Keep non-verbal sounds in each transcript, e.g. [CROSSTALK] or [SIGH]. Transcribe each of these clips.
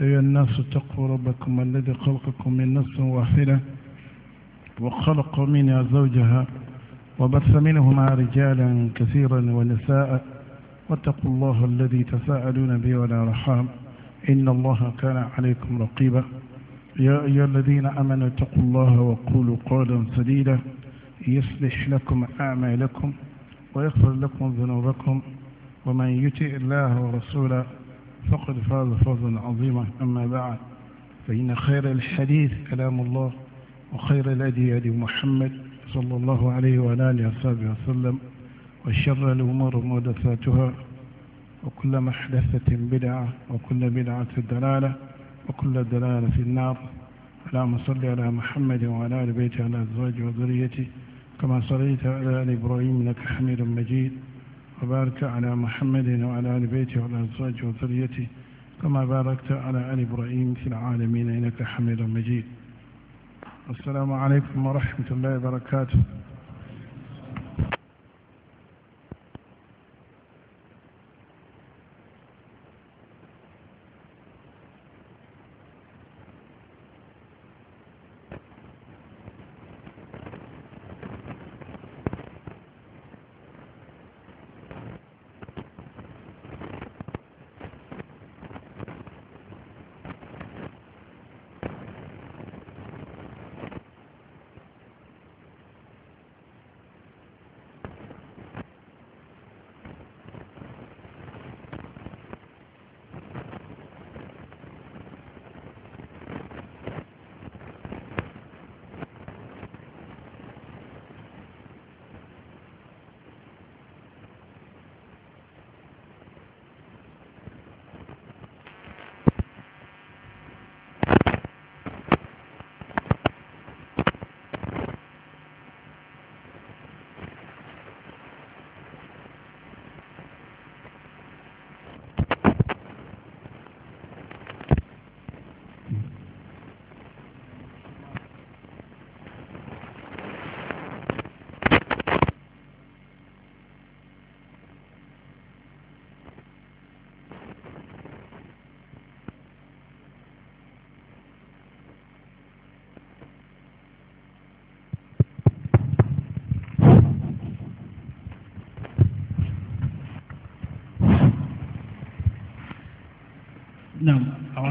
أيها الناس اتقوا ربكم الذي خلقكم من نفس واحدة وخلق منها زوجها وبث منهما رجالا كثيرا ونساء واتقوا الله الذي تساءلون به والأرحام إن الله كان عليكم رقيبا يا أيها الذين أمنوا اتقوا الله وقولوا قولا سديدا يصلح لكم أعمالكم ويغفر لكم ذنوبكم ومن يطع الله ورسوله فقد فاز فوزا عظيما أما بعد فإن خير الحديث كلام الله وخير الهدي هدي محمد صلى الله عليه وعلى آله وصحبه وسلم وشر الأمور محدثاتها وكل محدثة بدعة وكل بدعة دلالة وكل دلالة في النار اللهم صل على محمد وعلى آل بيته وعلى أزواجه وذريته كما صليت على آل إبراهيم إنك حميد مجيد وبارك على محمد وعلى آل بيته وعلى أزواجه وذريته كما باركت على آل إبراهيم في العالمين إنك حميد مجيد السلام عليكم ورحمة الله وبركاته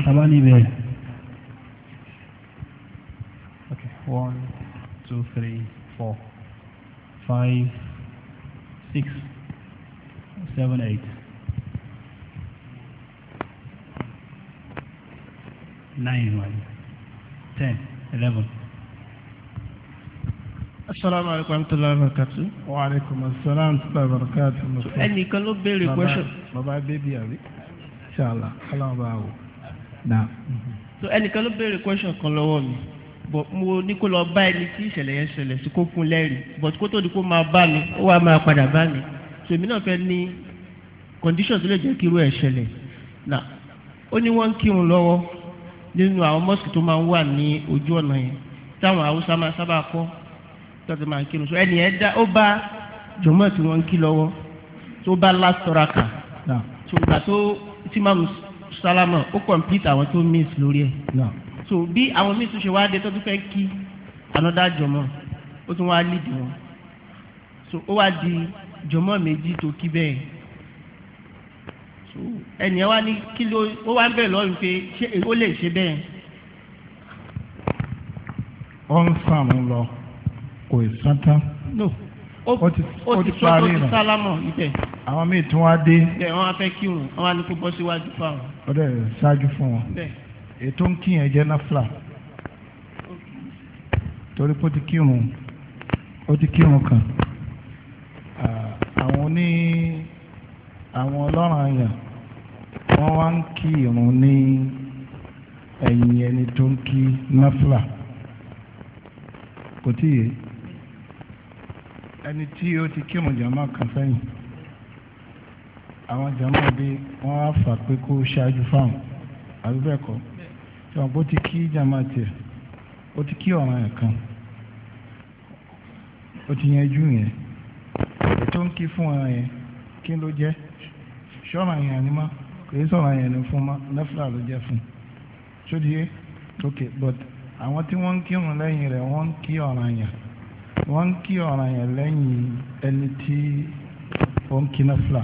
tàbá ní ìbẹ̀rẹ̀. okay one two three four five six seven eight nine one ten eleven. Asalaamu alaykum warahmatullahi wabarakatuh. Wa alaykum asalaam warahmatullahi wabarakatuh. Ẹnìkan ló béèrè question. Bàbá bébí àbí? Ṣé àlá? Ọlọ́run bá Now, so ẹnìkan ló béèrè question kan lọ́wọ́ mi but mo ní kó lọ bá ẹni tí ìṣẹ̀lẹ̀ yẹn ṣẹlẹ̀ sí kó fún lẹ́rìí but kó tó di kó máa bá mi ó wá máa padà bá mi so èmi náà fẹ́ ní conditions lè jẹ́ kí irú ẹ̀ ṣẹlẹ̀ now ó ní wọ́n ń kírun lọ́wọ́ nínú àwọn mọ́sìkì tó máa ń wà ní ojú ọ̀nà yẹn táwọn haúsá máa sábà kọ́ tọ́tí máa ń kírun so ẹnì yẹn dá ó bá jọ̀mọ́ tí wọ́n ń kí lọ́wọ́ tó bá last raka so ìgbà tó tí máa sálámà ó kọ̀m̀pìtì àwọn tó miss lórí ẹ̀ so bí àwọn miss ṣe wá dé tó tún fẹ́ kí anọ́dá jọmọ́ ó tún wá lídìí wọn so ó wá di jọmọ́ méjì tó kí bẹ́ẹ̀ so ẹnìyẹn wá ní kí ló ó wá ń bẹ̀ lọ́rùn pé ṣé ó lè ṣe bẹ́ẹ̀. ó ń lọ kò ì sátán ó ti parí nù ó ti sálámọ̀ ibẹ̀. àwọn míì tún wá dé. bẹ́ẹ̀ wọ́n á fẹ́ kírun wọ́n á ní kó bọ́ síwájú fáwọn. ó dẹ̀ ṣáájú fún wọn. bẹ́ẹ̀ ètò ń kíyàn jẹ́ náfìlà torí pé ó ti kírun ó ti kírun kan àwọn ní àwọn ọlọ́run àyàn wọ́n wá ń kí irun ní ẹ̀yìn ẹni tó ń kí náfìlà kò tíye. ẹni tí ó ti kírun jàmá kan sẹ́yìn àwọn jàmá bí wọ́n á fà pé kó ṣáájú fáwọn àbí bẹ́ẹ̀ bó ti kí jàmá tiẹ̀ ó ti kí ọ̀ràn ẹ̀ kan ó ti yanjú yẹn tó ń kí fún ọ̀ràn yẹn kí ló jẹ́ yẹn ni sọ̀rọ̀ yẹn ni fún lẹ́fúlà but àwọn tí wọ́n ń kírun lẹ́yìn rẹ̀ wọ́n ń wọ́n ń kí ọ̀ràn yẹn lẹ́yìn ẹni tí ó ń kí náfìlà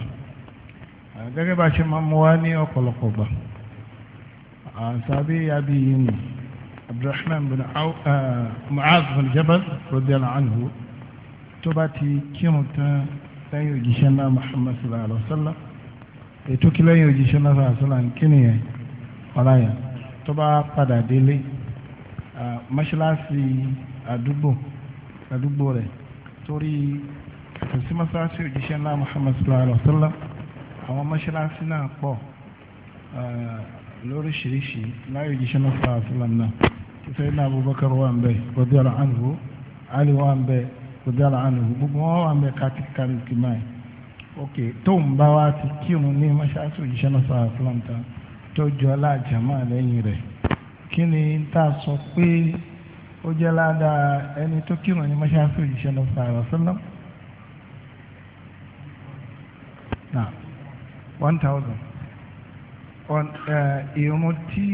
gẹ́gẹ́ bá ṣe máa mú wá ní ọ̀pọ̀lọpọ̀ gbà àṣàbí abi yìí ni abdulrahman bin mu'az bin jabal radiyallahu anhu tó bá ti kírun tán lẹ́yìn òjíṣẹ́ náà muhammad sallallahu alaihi wa sallam ètò kí lẹ́yìn òjíṣẹ́ náà sallallahu alaihi wa sallam kí nìyẹn ọ̀la yẹn tó bá padà délé mọ́ṣáláṣí àdúgbò. a dugbo torí tori. sí òjíṣẹ́ ńlá Muhammad sallallahu alayhi wa sallam àwọn náà pọ̀ lóríṣiríṣi láyé òjíṣẹ́ sallallahu wa sallam náà Abubakar wà ń bẹ Ali wà ń gbogbo wọn wà ń bẹ káàkiri máa ok tóun ti kírun ní ó jẹ́ ládàá ẹni tó kírun ní mọ́ṣáláṣí òjíṣẹ́ lọ fà Na, sọ́lọ́. one thousand ìrun tí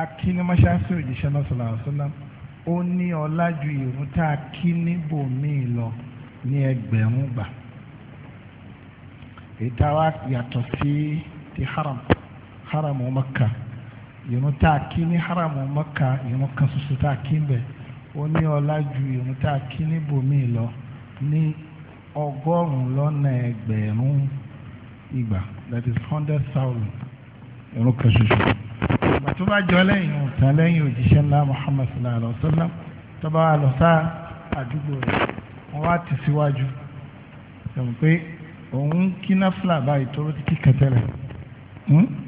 a kí ní mọ́ṣáláṣí òjíṣẹ́ lọ sọ̀rọ̀ àṣọ́lá ó ní ọlá ju ìrun tá a kí níbòmíì lọ ní ẹgbẹ̀rún gbà èyí a wá yàtọ̀ sí ti haram haram Makkah ìrun tá a kí ní haramu mọ́ka ìrun kan ṣoṣo tá a kí bẹ̀ ó ní ọlá ju ìrun tá a kí ní bòmí lọ ní ọgọ́rùn-ún lọ́nà ẹgbẹ̀rún ìgbà that is hundred thousand ìrun kan ṣoṣo ìgbà tó bá jọ lẹ́yìn òtán lẹ́yìn òjíṣẹ́ ńlá Muhammad sallallahu alayhi wa sallam tó bá wà lọ sá àdúgbò rẹ̀ wọ́n wá ti síwájú sọ pé òun kí náfìlà báyìí tó ti kí kẹtẹ́rẹ̀. Hmm?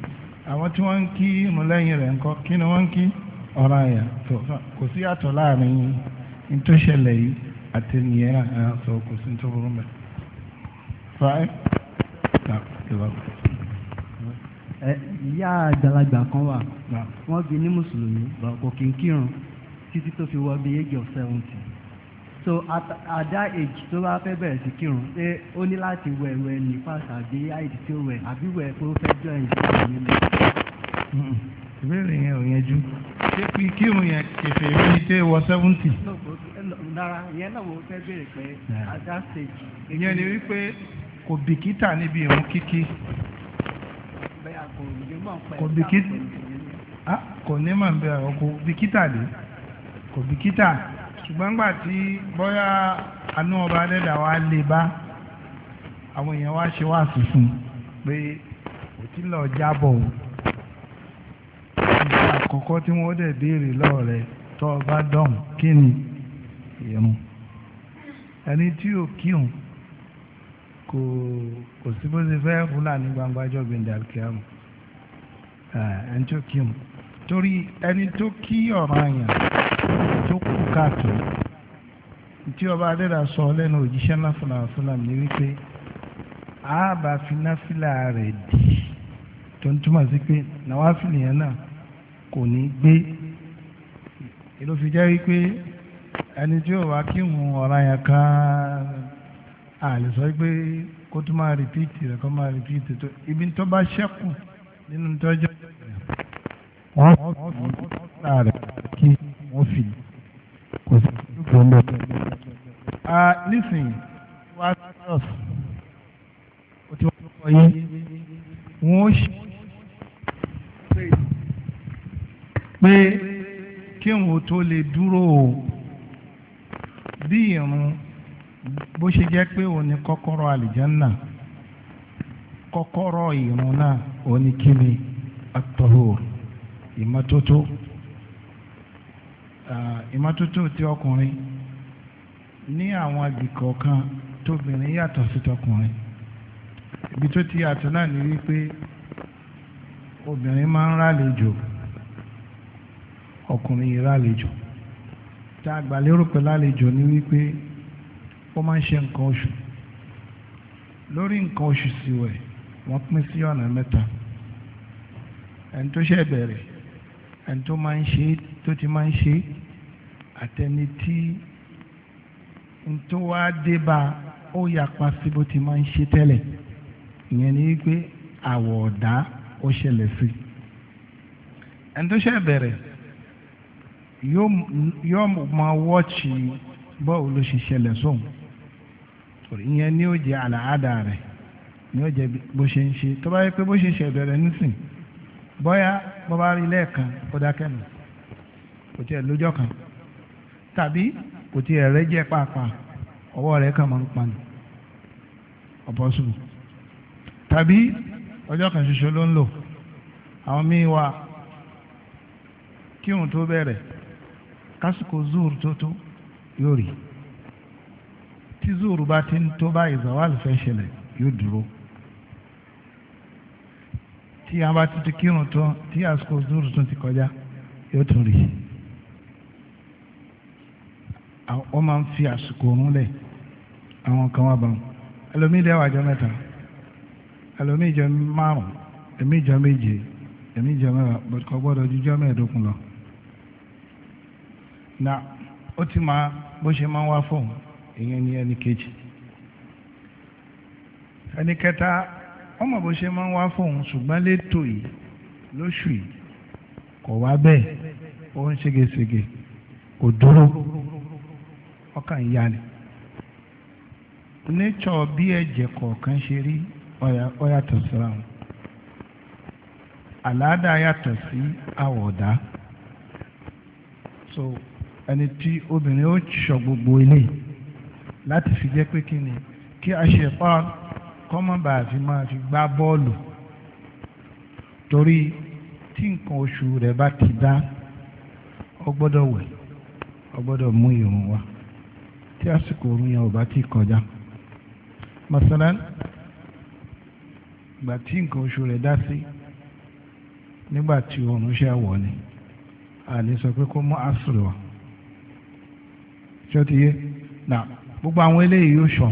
àwọn tí wọ́n ń kí ìmúlẹ́yìn rẹ̀ ńkọ́ kí ni wọ́n ń kí ọ̀ràn àyà tó kò sí àtọ̀ láàrin yín tó ṣẹlẹ̀ yìí àti nìyẹn náà sọ kò sí tó burú mẹ́. ìyá àgbàlagbà kan wà wọ́n bí ní mùsùlùmí kò kí n kírun títí tó fi wọ bí age of seventy so at, at that age tó bá fẹ́ bẹ̀rẹ̀ sí kírun ṣé ó ní láti wẹ̀wẹ̀ nípa tàbí àìdí tí ó wẹ̀ àbí wẹ̀ pé fẹ́ join ìṣẹ́ ìbéèrè yẹn ò yanjú ṣé pé kírun yẹn kẹfẹ rí tẹ wọ seventy. rárá eh, ìyẹn náà mo fẹ́ béèrè pé ada stage. ìyẹn ni wípé kò bìkítà níbi ìrún kíkí. kò bìkítà kò ní mà ń bẹ àwọn kò bìkítà dé kò bìkítà ṣùgbọ́n gbà tí bóyá àánú ọba adẹ́dà wa lè bá àwọn èèyàn wa ṣe wá sí fún un pé òtí lọ jábọ̀ o. ìgbà àkọ́kọ́ tí wọ́n dẹ̀ béèrè lọ́wọ́ rẹ̀ tó o dọ̀hùn kí ni ìyẹ̀mú ẹni tí ò kíhùn kò kò sí bó ṣe fẹ́ fúlàní gbangba ẹjọ́ gbẹ̀ndẹ̀ ẹni tí kíhùn torí ẹni tó kí ọ̀ràn àyàn tó kú káàtó tí ọba adẹ́dà sọ lẹ́nu òjíṣẹ́ ńlá wípé rẹ̀ dì tó ń túmọ̀ sí pé kò ní gbé ìlú fi jẹ́ wípé ẹni tí ó wá kí wọn ọ̀rá yẹn ká àlè sọ pé kó tó máa rìpíìtì rẹ̀ kó máa rìpíìtì tó ibi tó bá ṣẹ́kù nínú tọ́jọ́ wọ́n fi ọ̀rá rẹ̀ kí wọ́n fi kò sí ìdúgbò lọ́dọ̀. nísìnyí wá sọ́ọ̀sì ó ti wọ́n kọ́ yé wọ́n ṣe. pé kí òun tó lè dúró o bí irun bó ṣe jẹ́ pé òun ni kọ́kọ́rọ́ àlìjánà kọ́kọ́rọ́ irun náà òun ni kí ni àtọ̀hùr ìmọ́tótó ìmọ́tótó ti ọkùnrin ní àwọn agbègbè kọ̀ọ̀kan tóbìnrin yàtọ̀ sí tọkùnrin ibi tó ti yàtọ̀ náà ni wípé obìnrin máa ń rálejò. ọkùnrin yìí lálejò tá a gbà lérò pé lálejò ni wípé ó máa ń ṣe nǹkan oṣù lórí nǹkan oṣù sí wẹ̀ wọ́n pín sí ọ̀nà mẹ́ta ẹni tó ṣe bẹ̀rẹ̀ ẹni tó máa ń ṣe tó ti máa ń ṣe àtẹni tí n tó wá dé bá ó yapa sí bó ti máa ń ṣe tẹ́lẹ̀ ìyẹn ni wípé àwọ̀ ọ̀dá ó ṣẹlẹ̀ sí ẹni tó ṣẹ̀ bẹ̀rẹ̀ yóò ma wọ́ọ̀chì bọ́ọ̀lù ló ṣe ìyẹn ni ó àlàáda rẹ̀ ni ó jẹ bó ṣe ń ṣe tó bá yẹ pé bó ṣe nísìn bọ́yá bó bá rí lẹ́ẹ̀kan dákẹ́ nù kò tiẹ̀ lójọ́ kan tàbí kò tiẹ̀ rẹ́ jẹ́ pàápàá ọwọ́ rẹ̀ kàn máa ń pa nù tàbí ọjọ́ kan ṣoṣo ló ń lò àwọn wà kásìkò zuur tó tó yóò rí tí zuur bá ti ń tó báyìí zawal fẹ́ ṣẹlẹ̀ yóò dúró tí a bá ti ti kírun tó tí àsìkò zuur tó ti kọjá yóò tún rí wọ́n máa ń fi àsìkò òun lẹ̀ àwọn kan wá bá wọn ẹlòmíì dẹ́wà jọ mẹ́ta ẹlòmíì jọ márùn-ún ẹ̀mí jọ méje ẹ̀mí jọ mẹ́wàá bọ̀dùkọ́ gbọ́dọ̀ ju mẹ́ẹ̀ẹ́dógún lọ. na o ti máa a ṣe máa ń wá fóun ẹni kejì kẹta ọmọ bó ṣe máa ń wá fóun ṣùgbọ́n létò yìí lóṣù yìí kò wá bẹ́ẹ̀ ó ń ṣégeṣége kò dúró ọkàn ìyá ni bí ẹ̀jẹ̀ kọ̀ọ̀kan ṣe rí ó síra wọn yàtọ̀ ẹni tí obìnrin ó sọ gbogbo ilé láti fi jẹ́ pé kí ni kí a ṣe pa kọ́mọ̀bà àfi máa fi gbá bọ́ọ̀lù torí tí nǹkan oṣù rẹ̀ bá ti dá ọ gbọ́dọ̀ wẹ̀ ọ gbọ́dọ̀ mú ìrun wá tí àsìkò òun yẹn ò bá ti kọjá masalan ìgbà tí nǹkan oṣù rẹ̀ dá sí nígbà tí òun ṣe wọ̀ ni a lè sọ pé kó mú àsùrù ṣé na gbogbo àwọn eléyìí yóò sọ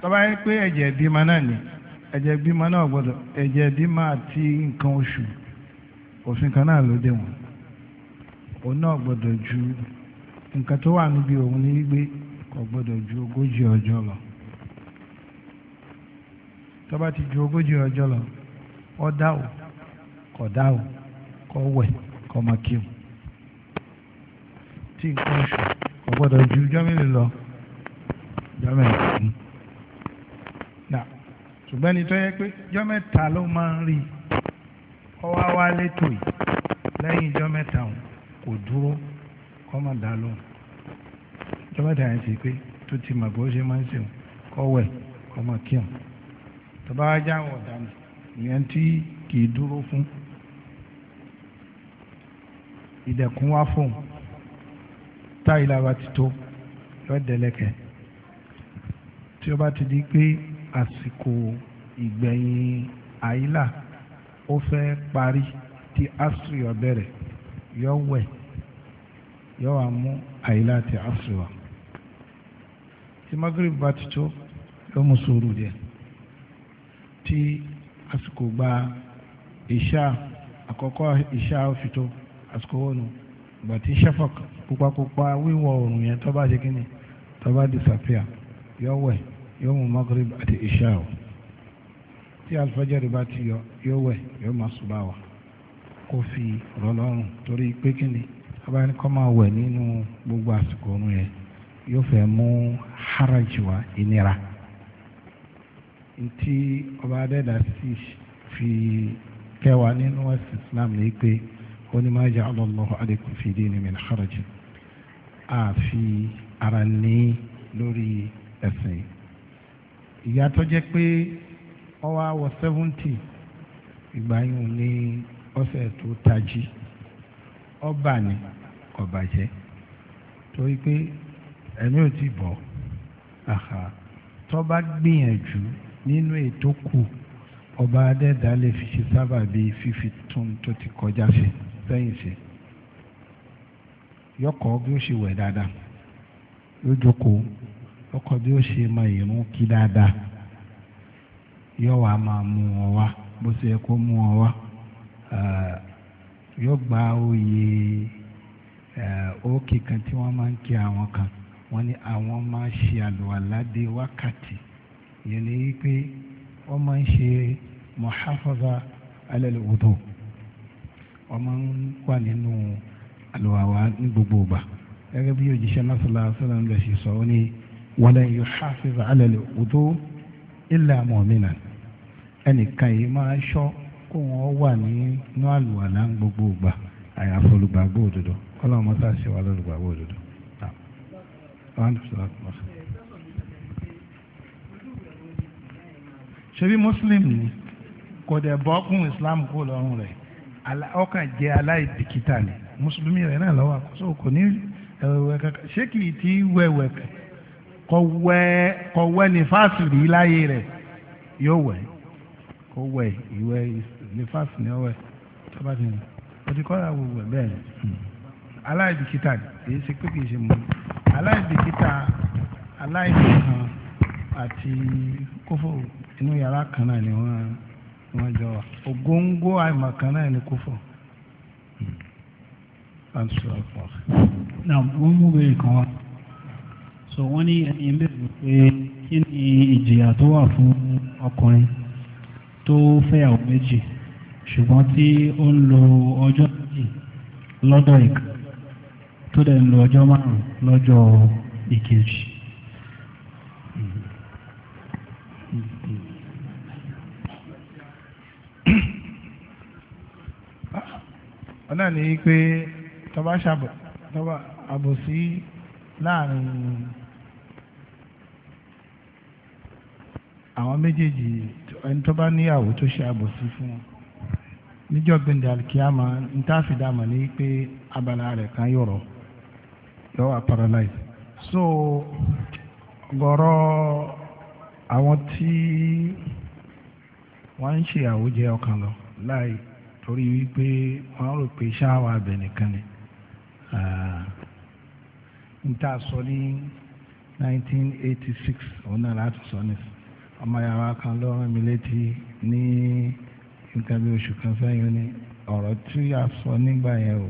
tọ́ba yẹ pé ẹ̀jẹ̀ bímọ náà ni ẹ̀jẹ̀ bímọ náà gbọ́dọ̀ ẹ̀jẹ̀ àti nǹkan oṣù òfin kan náà ló dé wọn òun náà gbọ́dọ̀ ju nǹkan tó wà níbi òun ní gbé kò gbọ́dọ̀ ju ogójì ọjọ́ lọ ju ogójì ọjọ́ lọ ọ tí nǹkan oṣù kò gbọ́dọ̀ ju jọ́mìlì lọ jọ́mìlì fún ṣùgbọ́n ní tó yẹ pé jọ́mẹ́ta ló máa ń rí ọwọ́ wa létò yìí lẹ́yìn jọ́mẹ́ta òun kò dúró kọ́ máa dá lóhùn jọ́mẹ́ta yẹn ti pé tó ti mọ̀ bó ṣe máa ń ṣe òun kọ́ wẹ̀ kọ́ máa kí òun tó bá wájà wọ̀ dànù ìyẹn tí kì í dúró fún ìdẹ̀kùn wá fóun táyì làwa ti tó yóò dẹ̀lẹ́kẹ̀ tí ó bá ti di pé àsìkò ìgbẹ̀yìn àyílà ó fẹ́ parí tí asiri ọ̀bẹ̀rẹ̀ yóò wẹ̀ yóò wá mú àyílà ti asiri wa tí magrib bá ti tó yóò mú sùúrù díẹ̀ tí àsìkò gba ìṣá àkọ́kọ́ ìṣá ó fi tó àsìkò wọnú gbàtí shafak pupapupa wíwọ̀ oòrùn yẹn tó bá ṣe kí ni disappear yọ wẹ̀ yọ mú magrib àti isha tí alifajari bá ti yọ yọ wẹ̀ yọ máa ṣùgbọ́n wa kó fi rọlọ́rùn torí pé kí ni abáyẹn kọ́ máa wẹ̀ nínú gbogbo àsìkò oòrùn yẹn yóò fẹ́ mú haraj wa ìnira ntí ọba adẹ́dà sì fi kẹwàá nínú ẹ̀sìn Islam ní pé ó ní ma ja'ala Allahu alaykum fi dini min kharaj àfi ara ní lórí ẹ̀sìn ìyá tó jẹ́ pé ó wá wọ seventy ìgbà yìí ní ọ̀sẹ̀ tó tají ọba ni kò bàjẹ́ torí pé ẹ̀mí ò ti bọ̀ tó bá gbìyànjú nínú ètò kù ọba adẹ́dàá lè fi ṣe sábàbí fífi tún tó ti kọjá sí i. sẹ́yìn ṣe yọkọ̀ bí ó ṣe wẹ̀ dáadáa bí ó ṣe máa kí dáadáa máa mú wá bó ṣe yẹ gba oyè eh, kan tí wọ́n máa ń kí àwọn kan wọ́n ní àwọn máa ṣe ládé wákàtí yẹn wọ́n máa ń wà nínú àlùwàwà ní gbogbo ìgbà gẹ́gẹ́ bí òjíṣẹ́ náà sọ̀rọ̀ àṣàlà ń lọ sí sọ ó ní wala yuhafizu ala al-wudu illa mu'minan ẹnìkan yìí máa ṣọ́ kó wọ́n wà nínú àlùwàlà ní gbogbo ìgbà àyàfọ̀ olùgbàgbọ́ òdodo kọ́lá wọn sá ṣe wà lọ́lùgbàgbọ́ òdodo. ṣebí muslim ni kò dẹ̀ bọ́ kún islam kó lọ́rùn rẹ̀ ọkàn jẹ́ aláìbìkítà ni mùsùlùmí rẹ̀ náà lọ́wọ́ àkóso kò ní ẹ̀wẹ̀ kankan ṣé kì í ti wẹ̀wẹ̀ kọ̀wẹ́ kọ̀wẹ́ ní fásitì láyé rẹ̀ yóò wẹ̀ kọ̀wẹ́ ìwẹ̀ ní fásitì ní ọwẹ́ tó bá ti ní ọtí kọ́ra wò wẹ̀ bẹ́ẹ̀ hmm. aláìbìkítà èyí ṣe pé kì ṣe mú aláìbìkítà aláìbìkan àti kófò inú yàrá kan náà ni wọ́n má jọ wa ògóńgó àìmọ̀kan náà ni kò fọ̀. náà wọ́n mú bèrè kan wá so wọ́n ní ẹni bẹ̀rù pé kí ni ìjìyà tó wà fún ọkùnrin tó fẹ́yàwó méjì ṣùgbọ́n tí ó ń lo ọjọ́ méjì lọ́dọ̀ ìkan tó dẹ̀ ń lo ọjọ́ márùn-ún lọ́jọ́ ìkejì. ọ̀nà ni pé tọba ṣàbọ̀ tọba àbòsí láàrin àwọn méjèèjì ẹni tọba níyàwó tó ṣe àbòsí fún wọn níjọ́ alikiyama n tá pé abala kan paralyze so gọ̀rọ̀ àwọn tí wọ́n ń ṣe àwòjẹ ọkàn lọ láì. torí wípé wọ́n rò pé ṣáwà abẹ nìkan ni n tá sọ ní 1986 òun náà láti sọ ní ọmọ yàrá kan lọ́rùn mi létí ní nǹkan bí oṣù kan sẹ́yìn ní ọ̀rọ̀ tí a sọ nígbà yẹn o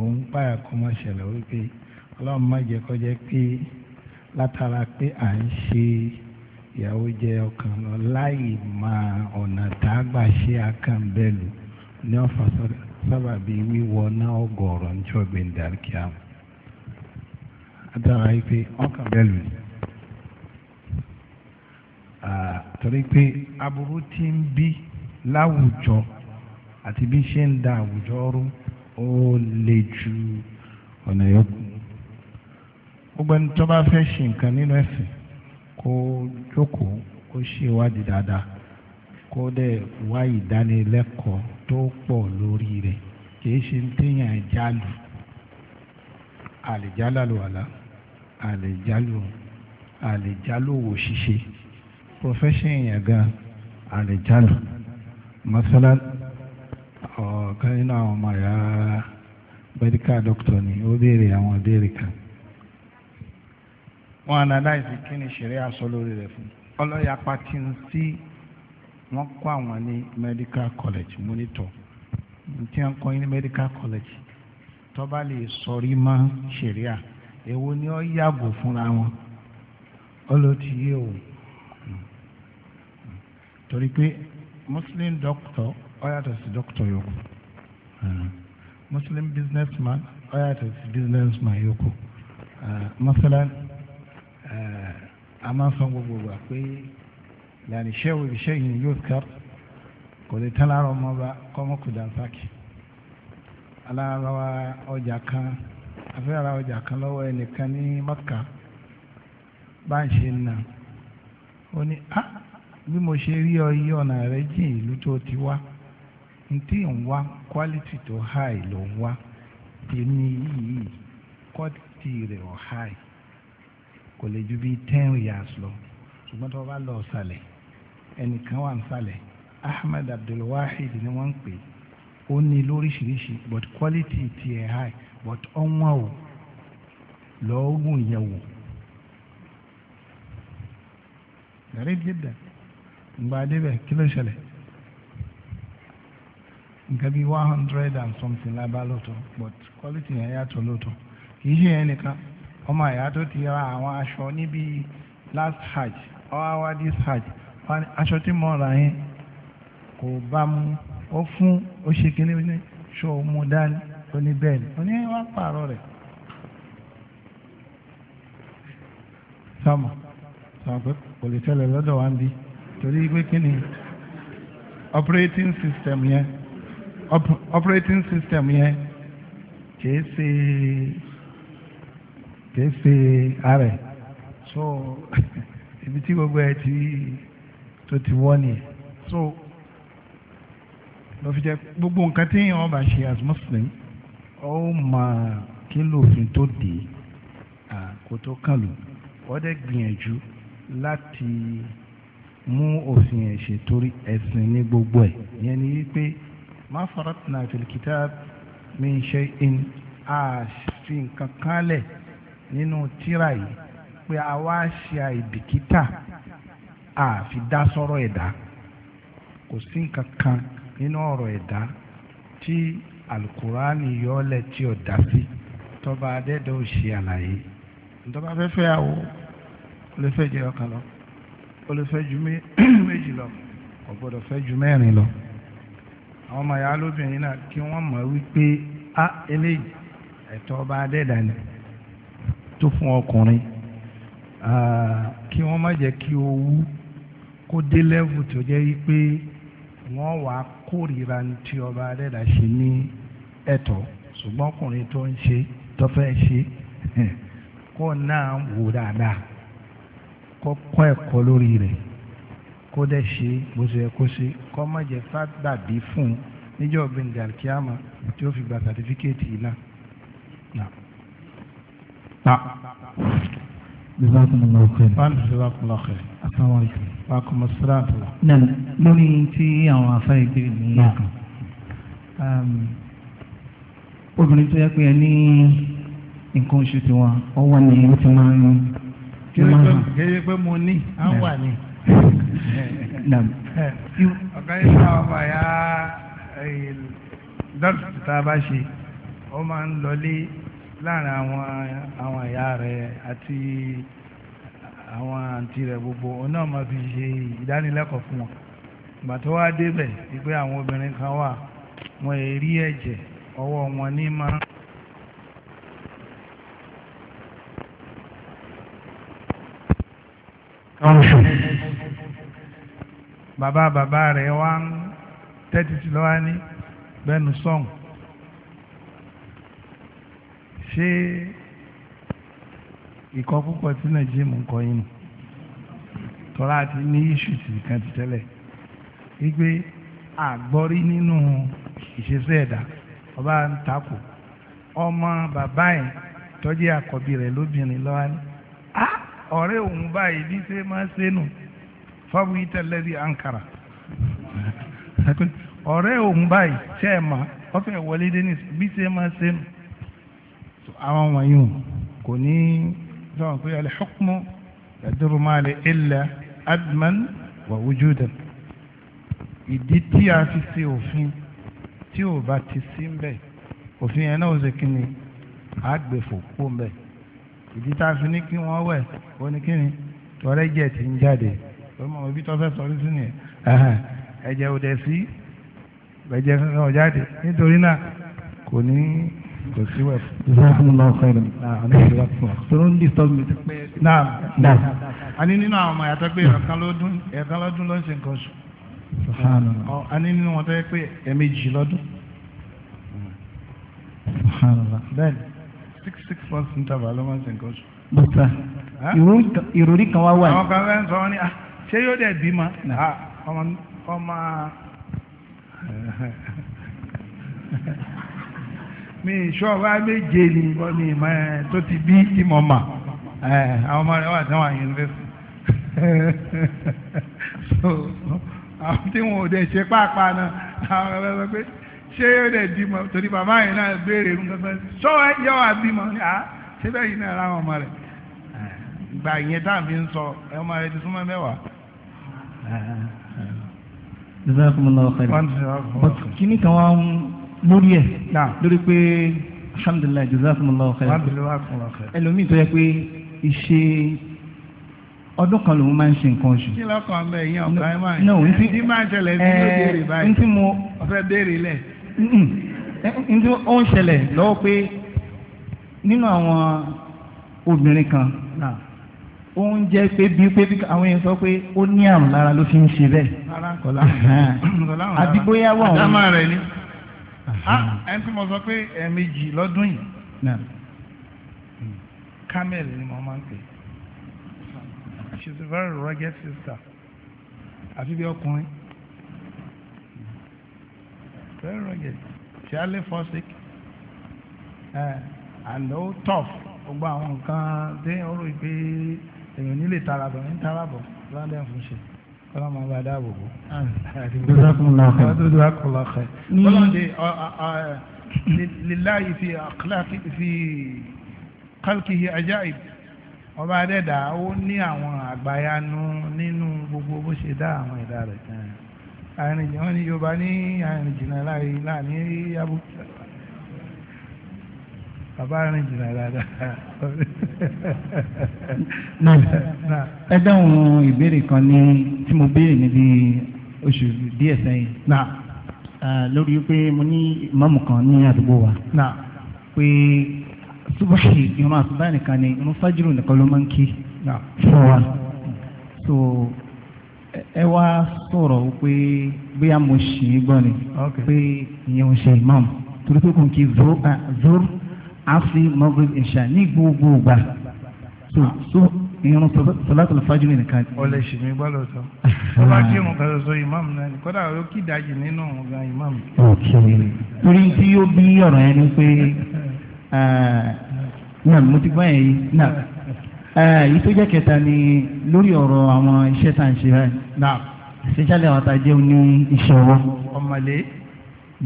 òun páyà kó má ṣẹlẹ̀ wípé ọlọ́run má jẹ́ kó jẹ́ pé látara pé à ń ṣe. ìyàwó je ọkàn lọ láì máa ọ̀nà tá a gbà ṣe akànbẹ́lú ní ọ̀fà bí wíwọ náà ọgọ̀ọ̀rọ̀ ní ọ̀gbìn dàríkìá àtàrà ìpè ọkàn A ni torí pé aburú ti ń bí láwùjọ àti bí ṣe ń da àwùjọ rú ó le ju ọ̀nà yòókù gbogbo ẹni tó bá fẹ́ ṣe nǹkan nínú kó jókòó kó ṣèwádìí dáadáa kó dẹ̀ wá ìdánilẹ́kọ̀ọ́ tó pọ̀ lórí rẹ̀ kì í ṣe téèyàn jálù àlèjálàlù àlá àlèjálù àlèjálù òwò ṣíṣe profession yẹn gan masala ọ̀kan medical doctor ni ó béèrè àwọn béèrè kan wọ́n analyze kí ni ṣeré aṣọ lórí rẹ̀ fún ọlọ́yà pati ń sí wọ́n àwọn ní medical college monitor tí wọ́n kọ́ ní medical college tó bá lè sọrí mọ́ ṣeré à èwo ni ó yàgò fúnra wọn ọlọ́tí yé o torí pé muslim doctor ó sí doctor yòókù muslim businessman ó sí businessman yòókù masalan. Eh, a máa ń sọ gbogbo ìgbà pe yàrá iṣẹ́ wo iṣẹ́ yìí yóò kẹ́r kò lè tán lára ọmọ bá kọ́mọ kò dànsákì ọjà kan afẹ́ra ọjà kan lọ́wọ́ ẹnìkan ní Mọ́kà bá ń ṣe nà ó ní á bí mo ṣe rí ọ yí ọ̀nà rẹ jìn ìlú tó ti wá ntí ń wá quality tó high ló ń wá tèmi yìí quality rẹ̀ ọ̀ high. kò lè ju bíi ten years lọ ṣùgbọ́n tó bá lọ ọ̀sàlẹ̀ ẹnìkan wà ń ahmed Ahmed Abdulwahid ni wọ́n ń pè ó ní lóríṣiríṣi but quality tiẹ̀ high but ọ̀wọ́n o lọ́ọ̀gùn yẹn wò. gàrí jìdá ngbà débẹ̀ kí ló ṣẹlẹ̀ nǹkan bíi one hundred and something lábá lóòótọ́ but quality yẹn yàtọ̀ lóòótọ́ kì í ṣe yẹn nìkan ọmọ àyà tó ti ra àwọn aṣọ níbi last hajj ọwọ́ wá this hajj aṣọ tí mo rà yẹn kò bá mu ó fún ó ṣe kíní ní ṣó mu dání ó ní bẹ́ẹ̀ ni ó ní wá pààrọ̀ rẹ̀ sọmọ sọmọ pé kò lè tẹ́lẹ̀ lọ́dọ̀ wa ń bí torí pé kí ni operating system yẹn operating system yẹn kì í ṣe kì í ṣe ara ẹ̀ so [LAUGHS] ibi tí gbogbo ẹ̀ ti tó ti wọ́ nìyẹn so lọ fi jẹ gbogbo nǹkan tí èèyàn bá ṣe as muslim ó máa kí lòfin tó dé kó tó kàn lò wọ́n dẹ̀ gbìyànjú láti mú òfin ẹ̀ ṣe torí ẹ̀sìn ní gbogbo ẹ̀ yẹn ni wípé má faratna fil kitab min shay'in àṣìfin kankanlẹ̀. nínú tírà yìí pé a wá ṣe àìbìkítà a dá sọ́rọ̀ ẹ̀dá kò sí nǹkan kan nínú ọ̀rọ̀ ẹ̀dá tí alukurani yọọlẹ̀ tí ti dá sí tọba adẹ́dọ̀ ò àlàyé fefe fẹ́fẹ́ o. ó lè fẹ́ lọ ó ju [CLEARS THROAT] méjì lọ kò gbọ́dọ̀ ju mẹ́rin lọ àwọn ọmọ ìyá lóbìnrin náà kí wípé a eléyìí ẹ̀tọ́ ọba adẹ́dà ni. tó fún ọkùnrin kí wọ́n má jẹ́ kí owó kó dé lẹ́vù tó jẹ́ wípé wọ́n wà á kórìíra tí ọba adẹ́dà ṣe ní ẹ̀tọ́ ṣùgbọ́n ọkùnrin tó ń ṣe tó fẹ́ ṣe kó náà wò dáadáa kó kọ́ ẹ̀kọ́ lórí rẹ̀ kó dẹ̀ ṣe bó ṣe kó ṣe kó má jẹ́ fàgbàbí fún un níjọ́ gbẹ̀ngàn kíámà tí ó fi gba sàtífíkẹ́ẹ̀tì náà lórí tí àwọn afá ìgbé ní ẹ̀kan ehm, obìnrin tó yẹ pé ẹ ní nǹkan oṣù tiwọn ọwọ́ ni ó ti máa ń kéré pé mo ní à ń wà ní. ọ̀gá yìí náà ọba ya dọ́kítà bá ṣe ó máa ń lọlé láàrin àwọn àwọn ìyá rẹ̀ àti àwọn àǹtí rẹ̀ gbogbo òun náà máa fi ṣe ìdánilẹ́kọ̀ọ́ fún wọn ìgbà tó wá débẹ̀ wípé àwọn obìnrin kan wà wọn è rí ẹ̀jẹ̀ ọwọ́ wọn ní máa. bàbá bàbá rẹ̀ wá ń tẹ́tí sí lọ́wọ́ ní bẹ́ẹ̀ nù sọ́hùn. ṣé ìkọ́ púpọ̀ tí nàìjíríà ń kọ́ yín tọ́lá ti ní iṣu tì ti tẹ́lẹ̀ wípé àgbọ́rí nínú ìṣesẹ́ ẹ̀dá ọba ń takò ọmọ bàbá ẹ̀ tọ́jú àkọ́bí rẹ̀ lóbìnrin lọ́wọ́ ni á ọ̀rẹ́ òun báyìí bí ṣe máa ṣe nù ankara [LAUGHS] ọ̀rẹ́ òun báyìí ṣe é ma ọ̀fẹ́ àwọn wọ̀nyún kò ní sọ̀rọ̀ pé al-hukmu yadurru ma la illa adman wa wujudan ìdí tí a fi ṣe òfin tí ò bá ti sí ń bẹ̀ òfin yẹn náà ṣe kíni àgbẹ̀fò kó ń bẹ̀ ìdí tá a fi ní kí wọ́n wẹ̀ ó ní kíni tọ́rẹ́ jẹ́ ti ń jáde ó ibi tó fẹ́ sọrí sí nìyẹn ẹ̀jẹ̀ ò dẹ̀ sí ẹ̀jẹ̀ kankan jáde nítorí náà kò ní kò sí wẹ̀ fún. jazakumullahu khairan. àní ìlú wa fún wa. tóró ń disturb mi ti pé. naam naam. àní nínú àwọn ọmọ yàtọ̀ pé ẹ̀ẹ̀kan lọ́dún ẹ̀ẹ̀kan lọ́dún ló ń ṣe nǹkan oṣù. subhanallah. àní nínú wọn tó yẹ pé ẹ̀ẹ̀mejì lọ́dún. subhanallah. bẹ́ẹ̀ni six six months interval ló máa ń ṣe nǹkan oṣù. bàtà ìròrí kan wá wà. àwọn kan fẹ́ sọ wọn ni ṣé yóò dẹ̀ bímọ. ọmọ ọmọ mi ìṣọ́ra méje ni wọ́n ní ìmọ̀ ẹ̀ tó ti bí tí mo mà ẹ̀ àwọn ọmọ rẹ̀ wà tí wọ́n à yunifásitì [LAUGHS] so àwọn tí wọn ò dẹ̀ ṣe pàápàá náà àwọn ọmọ rẹ̀ sọ pé ṣé ó dẹ̀ bímọ torí bàbá yìí náà béèrè ń gbọ́dọ̀ ṣọ́ yọ wà bímọ ni à ṣé bẹ́ẹ̀ yìí náà láwọn ọmọ rẹ̀ ìgbà yẹn tá à ń fi ń sọ ẹ̀ ọmọ rẹ̀ ti súnmọ́ mẹ́wàá kìíní kan wá ń lórí ẹ̀ lórí pé alhamdulilayi jazakumullahu khairan ẹlòmíì tó yẹ pé ìṣe ọdún kan lòun máa ń ṣe nǹkan oṣù. kí lọ́kàn bẹ́ẹ̀ yín ọ̀kan ẹ̀ máa ń ṣe ẹ̀ máa ń ṣẹlẹ̀ ní béèrè eh, báyìí ntí mo ọ̀fẹ́ béèrè lẹ̀. Eh, ntí ó ń ṣẹlẹ̀ lọ́wọ́ pé nínú àwọn obìnrin kan ó ń jẹ́ pé bí pé àwọn èèyàn sọ pé ó ní àrùn lára ló fi ń ṣe bẹ́ẹ̀. àdìgbòyàwó àwọn. àdámà rẹ̀ ni. Ah, ẹni tí mo sọ pé ẹ̀ẹ̀mejì lọ́dún yìí hmm. camel ni mo máa ń pè she is a very rugged sister àfi bí ọkùnrin very rugged she only fall sick and no tough gbogbo àwọn nǹkan dé orí pé èèyàn nílé tarabọ̀ ní tarabọ̀ london fún ṣe kọ́lá máa bá dáàbò bò. lillahi fi akhlaqi fi khalqihi ajaib ọba adẹ́dà ó ní àwọn àgbáyanu nínú gbogbo bó ṣe dá àwọn ẹ̀dá rẹ̀ kan àrìnjìn wọn ni yorùbá ní àrìnjìn náà láàrin àbúkù bàbá rìn jìnnà dáadáa. [LAUGHS] náà ẹ dáhùn ìbéèrè kan ní tí mo béèrè níbi oṣù díẹ̀ sẹ́yìn. náà lórí pé mo ní ìmáàmù kan ní àdúgbò wa. náà pé subaxi ìmọ̀ àsùbá nìkan ni ìmọ̀ fájìrò nìkan ló máa ń kí fún wa. so ẹ wá sọ̀rọ̀ pé bóyá mo ṣì í gbọ́ ni pé ìyẹn ò ṣe ìmáàmù torí pé kò ń kí zoro afi maghrib isha ní gbogbo ìgbà so so irun sọlátù fàjúmì nìkan. ọlẹ ṣì mí gbọ́dọ̀ sọ ọba tí irun kan sọ ìmáàmù náà kódà ó kì í dajì nínú ọ̀gá ìmáàmù. torí tí yóò bí ọ̀rọ̀ yẹn ni pé náà mo ti gbọ́ yẹn yìí náà èyí kẹta ni lórí ọ̀rọ̀ àwọn iṣẹ́ tá à ń ṣe báyìí náà ṣíṣàlẹ̀ àwọn àtàjẹun ní ìṣòro. ọmọlé.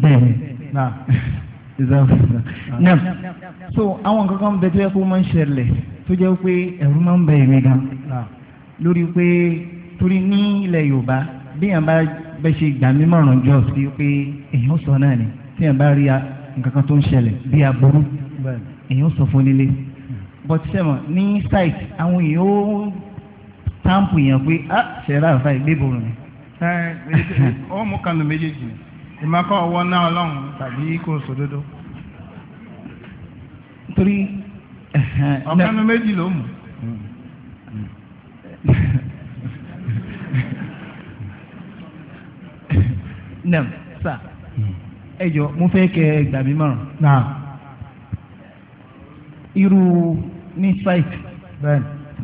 bẹ́ẹ̀ ni nam so àwọn kankan bẹ tó yẹ kó máa ń ṣẹlẹ̀ tó jẹ́ pé ẹ̀rù máa ń bẹ èmi gan lórí pé torí ní ilẹ̀ Yorùbá bí yàn bá bẹ ṣe gbà mí mọ̀ràn jọ sí pé èèyàn sọ náà ni tí yàn bá rí nǹkan kan tó ń ṣẹlẹ̀ bí aburú èèyàn sọ fún nílé but sẹ́mọ̀ ní site àwọn èèyàn ó táǹpù yẹn pé ah àfáà ìgbébọ̀rùn ni. ọmọ kan ló méjèèjì ni ìmọ̀kọ́ ọwọ́ náà ọlọ́run tàbí kò sòdodo. torí ọ̀kanu méjì ló mú. nam sa ẹ jọ mo fẹ́ kẹ gbà mí mọ̀ràn. naa. irú ní site. bẹ́ẹ̀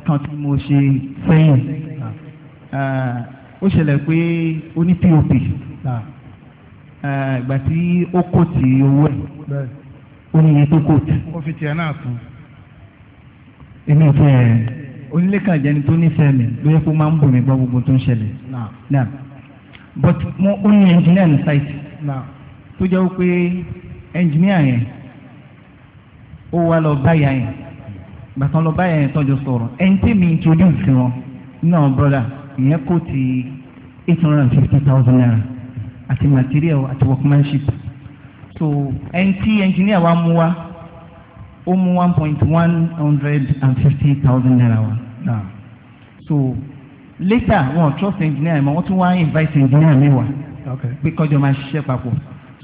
kan tí mo ṣe sẹ́yìn ó ṣẹlẹ̀ pé oní pop. naa. Eh, ìgbà tí ó kò tí owó ẹ̀ ó ní iye tó kò tí. ó fi tiẹ̀ náà kú. èmi ò fẹ́ ẹ̀ tó nífẹ̀ẹ́ mi ló yẹ kó máa ń bò mí gbọ́ gbogbo tó ń ṣẹlẹ̀. náà but mo ó ní engineer ní site. náà tó jẹ́ pé engineer yẹn ó wá lọ báyà yẹn gbàtàn lọ báyà yẹn tọ́jú sọ̀rọ̀ ẹni tí mi introduce wọn náà brother ìyẹn kò tí eight hundred and fifty thousand naira àti material àti workmanship so NT engineer wa mú wa ó mú one point one hundred and fifty thousand naira wa now so later wọn trust engineer mọ wọn tún wá invite engineer mi wá pé kọjọ máa ṣiṣẹ́ papọ̀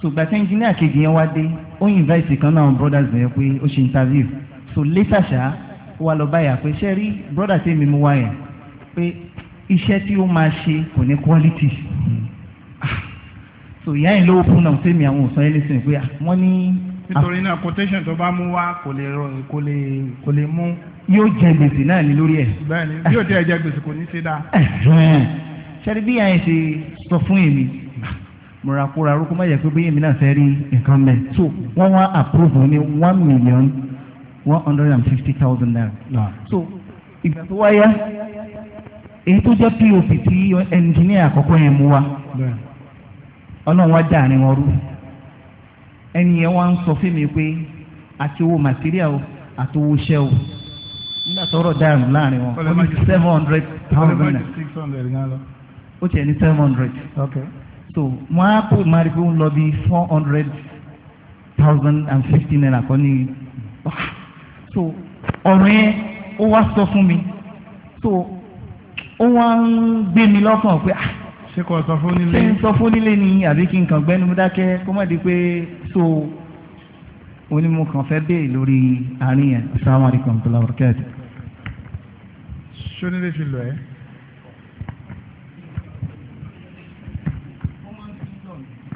so gbàtẹ́ engineer kejì yẹn wá dé ó invite kan náà brothers yẹn pé ó ṣe interview so later ṣá wà lọ báyà pé ṣe rí brother tèmi mú wá yẹn pé iṣẹ́ tí ó máa ṣe kò ní quality. Mm -hmm so ìyá yìí lówó fún náà fẹ́mi àwọn òsàn ẹni sìn pé ah, wọ́n ní. Ah. nítorí náà quotation tó bá mú wá kò lè kò lè kò lè mú. yóò jẹ gbèsè náà ní lórí ẹ. bẹ́ẹ̀ni bí o tẹ ẹ jẹ gbèsè kò ní ṣe dáa. sẹ́ni bí ìyá yẹn ṣe sọ fún èmi mo kóra orúkọ má yẹ pé bí èmi náà fẹ́ rí nǹkan mẹ́. so wọ́n wá approve ní one million one hundred and fifty thousand naira. so ìgbà tó wáyá èyí tó jẹ́ pop tí ẹnjìníà àkọ́kọ́ yẹn mú wa. bẹ́ẹ̀ ọlọ́run wá dà ní wọn rú ẹni yẹn wá ń sọ fún mi pé àti owó màtíríà àti owó iṣẹ́ o nígbà tọrọ dàrú láàrin wọn ó ní seven hundred thousand naira ó tiẹ̀ ní seven hundred so wọ́n á kó ìmọ̀ àdìpé ń lọ bí four hundred thousand and fifty naira kan ní so ọ̀rọ̀ yẹn ó wá sọ fún mi so ó wá ń gbé mi lọ́kàn pé ah ṣé kò sọ fún nílé. ṣé n sọ fún nílé ni àbí kí n kàn gbẹ́nu dákẹ́ kó má di pé so onímọ̀ kan fẹ́ béèrè lórí àárín yẹn assalamu alaikum tó lọ́wọ́ kẹ́ẹ̀tì. ṣó nílé fi lọ ẹ́.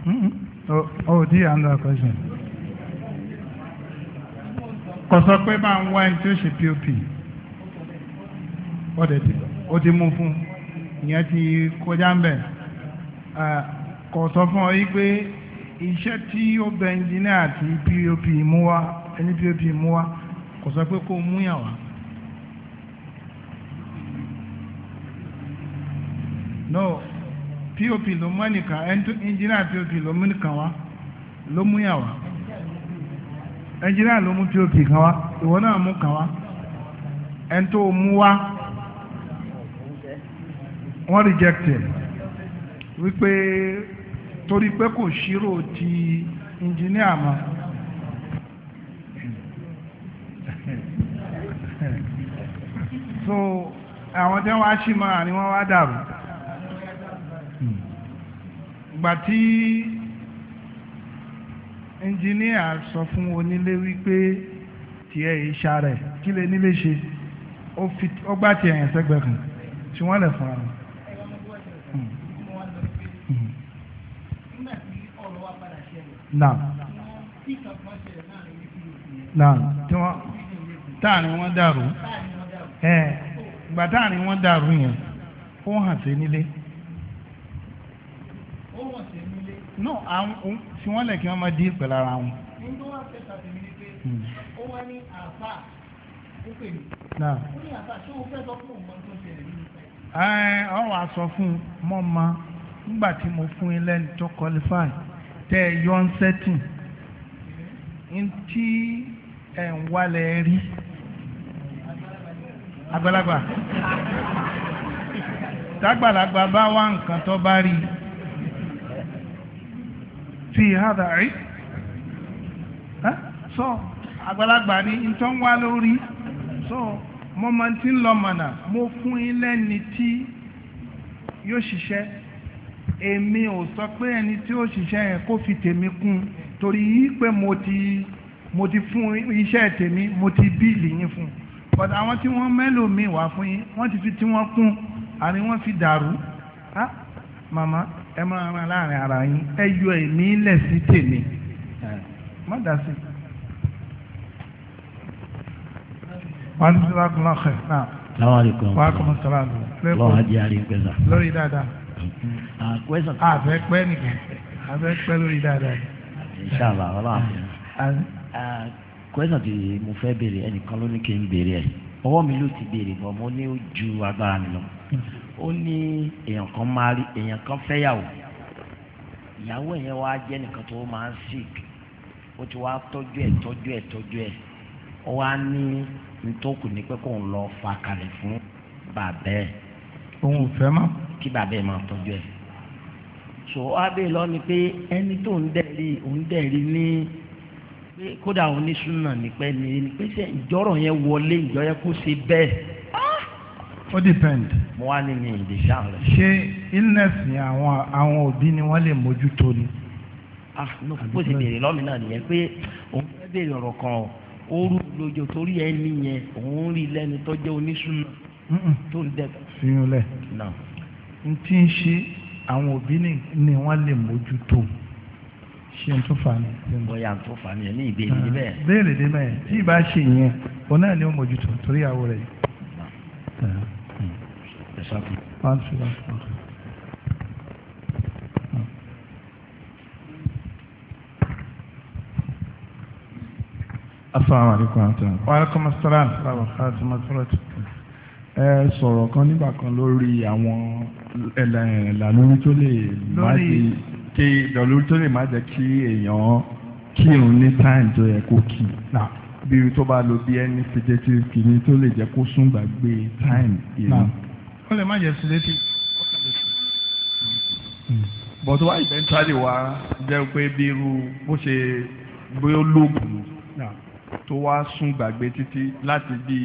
Hmm? Oh, do you answer that question? Kò sọ pé máa ń wá ẹni tí ó ṣe POP. Ó ti mú fún. Ìyẹn ti kọjá ń bẹ̀ kò sọ fún ọ yí pé iṣẹ́ tí ó bẹ ẹnjìnìá àti pop mú wá ẹni pop mú wá kò sọ pé kó mú yàn wá. no pop ló mú ẹnìkan ẹnjìnìá pop ló mú ẹnìkan wá ló mú yàn wá ẹnjìnìá ló mú pop kan wá ìwọ náà mú kan wá ẹni tó mú wá wọ́n reject wípé torí pé kò ṣírò ti engineer mọ́ so àwọn tí wọ́n á ṣì máa ni wọ́n wá dàrú ìgbà tí ẹnjìníà sọ fún onílé wípé tiẹ̀ ìṣà rẹ̀ kí lè nílé ṣe ó gbá tiẹ̀ yẹn sẹ́gbẹ̀ẹ́ tí wọ́n lè fún ara náà náà tí wọ́n táàrin wọn dàrú ẹ̀ ìgbà táàrin wọn dàrú yẹn ó hàn sí nílé. ó hàn sí nílé. no àwọn wọ́n lẹ̀ kí wọ́n máa dín pẹ̀lú ara wọn. ní tó wá ni pé hmm. ó wá ní àbá ó pè mí. o fẹ́ sọ fún òun tó fún mo fún tó tẹ́ ẹ yọ ń sẹ́tù ntí ẹ̀ ń wálẹ̀ rí agbalagba tágbàlagbà bá wá nǹkan tó bá rí fi hádà rí so àgbàlagbà ní ntọ́ ń wá lórí so mo máa ti ń lọ mọ̀nà mo fún yín lẹ́ni tí yóò ṣiṣẹ́. èmi ò sọ pé ẹni tí ó ṣiṣẹ́ yẹn kó fi tèmi kún torí yí pé mo ti mo ti fún iṣẹ́ tèmi mo ti bíìlì yín fún but àwọn tí wọ́n mẹ́lò mi wà fún yín wọ́n ti fi tí wọ́n kún àní wọ́n fi dàrú ah màmá ẹ máa ran láàrin ara yín ẹ yọ èmi lẹ̀ sí tèmi má dà sí. wàá ní sọ́dọ̀ àkùnrin ọ̀hún náà. sáwọn àlekún. wàá kọ́ mọ́ sọ́dọ̀ àkùnrin. lọ́wọ́ ajé àríyìn pẹ̀lú. lórí dáadáa àpẹsàn. àfẹ pẹ nìkan àfẹ pẹ lórí dáadáa. inṣàlá ọlọ́run kwẹsàn tí mo fẹ́ béèrè ẹnìkan ló ní kí n béèrè ẹ̀ ọwọ́ mi ló ti béèrè bọ̀ mo ní ó ju agbára mi lọ ó ní èèyàn kan máa rí èèyàn kan fẹ́yàwó ìyàwó yẹn wá jẹ́ nìkan tó máa ń sick ó ti wá tọ́jú ẹ̀ tọ́jú ẹ̀ tọ́jú ẹ̀ ó wá ní ntọ́kù ní pé kóun lọ fa kalẹ̀ fún bàbá ẹ̀. òun ò fẹ́ mọ́. kí bàbá ẹ̀ máa tọ́jú ẹ̀ so abe lọ ni pé ẹni tó ń dẹ̀rí òun dẹ̀rí ní pé kódà òun ní súnà nípẹ́ ni ni pé ṣe ìjọ́rọ̀ yẹn wọlé ìjọ yẹn kó ṣe bẹ́ẹ̀. Ah! ó depend. mo wá ní ní ìdíṣà rẹ. ṣé illness ni àwọn àwọn òbí ni wọ́n lè mójútó ni. ah no bó ṣe béèrè lọ́mìn náà nìyẹn pé òun fẹ́ béèrè ọ̀rọ̀ kan o ó rú lójó torí ẹni yẹn òun rí lẹ́ni tó jẹ́ oníṣúná tó ń dẹ́kun. fi yún lẹ̀. n tí ń ṣe àwọn òbí ni wọ́n lè mójútó ṣe ń tún fa ni. bóyá ń tún fa ni ní ìbéèrè níbẹ̀. Ah, béèrè níbẹ̀ tí ì bá ṣe yẹn òun náà ni ó mójútó torí àwọ̀ rẹ̀. asalaamualeykum wa rahmatulahi wa barakatuh ẹ sọ̀rọ̀ kan nígbà kan lórí àwọn ìlànà tó lè má ti kí ìdọ̀lú tó lè má jẹ́ kí èèyàn kírun ní time tó yẹ kó kì náà bí tó bá lo bí ẹni sedative kìíní tó lè jẹ́ kó sún gbàgbé time yìí. ó lè má jẹ́ sedative bọ̀dọ̀ wá eventually wá jẹ́ pé bí irú bó ṣe bí ó lóògùn tó wá sún gbàgbé títí láti bí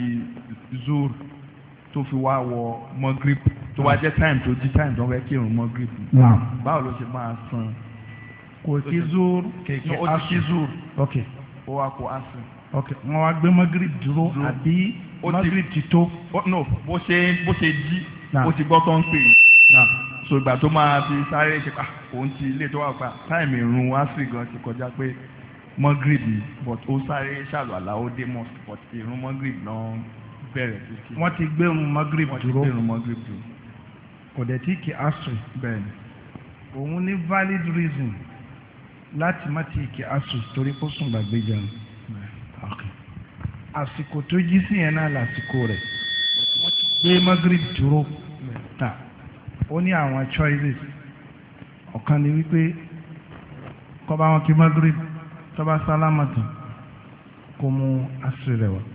zur tó fi wá wọ mọ́gírìp tó wá jẹ́ time tó di time tó ń fẹ́ kírun mọ́gírìp báwo ló ṣe máa san. kò kí zuru kèké asu ó ok ó wá kó asu. ok wọn wá gbé mọ́gírìp dúró àbí mọ́gírìp ti tó. no bó ṣe bó ṣe jí ó ti gbọ́ tó ń pè é so ìgbà tó máa fi sáré ṣe pa ah, òun ti ilé tó wà pa táìmì ìrun asu gan ti kọjá pé mọ́gírìp but ó sáré ṣàlùwàlà ó dé mọ́ọ̀sì but ìrun mọ́gírìp náà bẹ̀rẹ̀ kíkí. wọ́n ti gbẹ̀rún magrib dúró wọ́n ti gbẹ̀rún magrib dúró. kò dẹ̀ tí kì bẹ́ẹ̀ni. òun ní valid reason láti má ti kì asri torí kó sùn gbàgbé jẹun. àsìkò tó jí sí yẹn náà lásìkò rẹ̀ wọ́n ti gbé magrib dúró ta ó ní àwọn choices ọ̀kan ni wípé kó bá wọn kí magrib tó bá sálámà tán kó mú asri rẹ̀